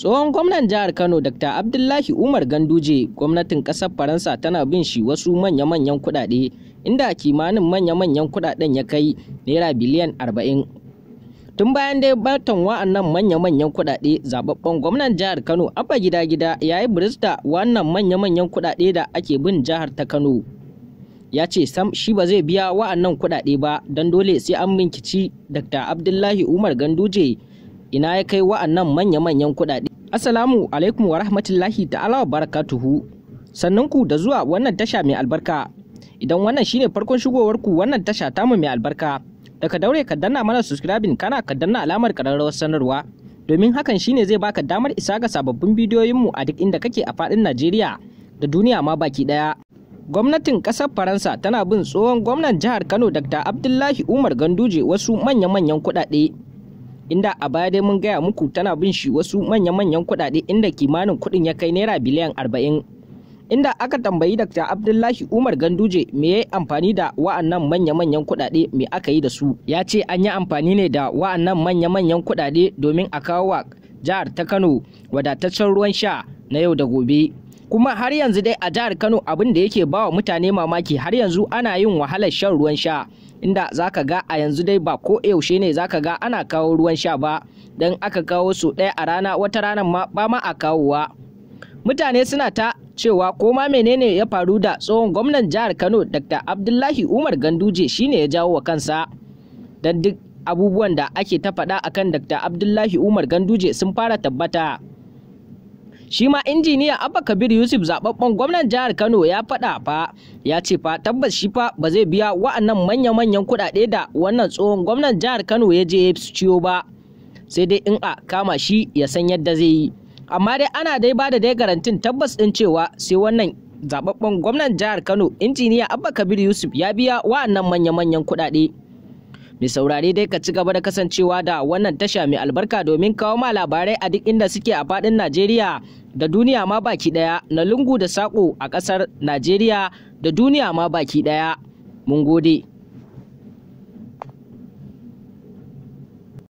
tsohon gwamnan jihar kano dr abdullahi umar ganduje gwamnatin ƙasar faransa tana bin shi wasu manya-manyan kudade inda kimanin manya-manyan kudaden ya kai naira biliyan arba'in. tun bayan dai batan wa'annan manya-manyan kudade zababben gwamnan jihar kano abba gida-gida ya yi birista wannan manya-manyan kudade da ake bin jihar ta kano ya ce sam shi ba zai biya wa'annan kuɗaɗe ba don dole sai an binkici dr abdullahi umar ganduje ina ya kai wa'annan manya-manyan kuɗaɗe Assalamu alaikum wa rahmatullahi ta'ala wa barakatuhu. Sannan ku da zuwa wannan tasha mai albarka. Idan wannan shine farkon shigowar ku wannan tasha tamu mai albarka. daga daure ka danna mana subscribing kana ka danna alamar kararrawar sanarwa. Domin hakan shine zai baka damar isa ga sababbin bidiyoyinmu a duk inda kake a faɗin Najeriya da duniya ma baki ɗaya. Gwamnatin ƙasar Faransa tana bin tsohon gwamnan jihar Kano Dr. Abdullahi Umar Ganduje wasu manya-manyan kuɗaɗe. inda a baya dai mun gaya muku tana bin shi wasu manya-manyan kuɗaɗe inda kimanin kuɗin ya kai naira biliyan arba'in inda aka tambayi Dr. Abdullahi Umar Ganduje me ya amfani da wa'annan manya-manyan kuɗaɗe me aka yi da su. Ya ce an yi amfani ne da wa'annan manya-manyan kuɗaɗe domin a kawo wa jihar ta Kano wadataccen ruwan sha na yau da gobe. Kuma har yanzu dai a jihar Kano abin da yake ba wa mutane mamaki har yanzu ana yin wahalar shan ruwan sha. inda zaka ga a yanzu dai ba ko yaushe ne zaka ga ana kawo ruwan sha ba don aka kawo su ɗaya a rana wata ranar ma ba ma a kawowa mutane suna ta cewa koma menene ya faru da tsohon gwamnan jihar Kano Dr. Abdullahi Umar Ganduje shine ya jawo wa kansa dan duk abubuwan da ake ta faɗa akan Dr. Abdullahi Umar Ganduje sun fara tabbata shi ma injiniya abba kabir yusuf zababben gwamnan jihar kano ya faɗa fa ya ce fa tabbas shi fa ba zai biya wa'annan manya-manyan kuɗaɗe da wannan tsohon gwamnan jihar kano ya je ya ciyo ba sai dai in a kama shi ya san yadda zai yi amma dai ana dai ba da dai garantin tabbas ɗin cewa sai wannan zababben gwamnan jihar kano injiniya abba kabir yusuf ya biya wa'annan manya-manyan kuɗaɗe. Mai saurare dai ka ci gaba da kasancewa da wannan tasha mai albarka domin kawo ma labarai a duk inda suke a faɗin Najeriya da duniya ma baki ɗaya na lungu da saƙo a ƙasar Najeriya da duniya ma baki ɗaya. Mun gode.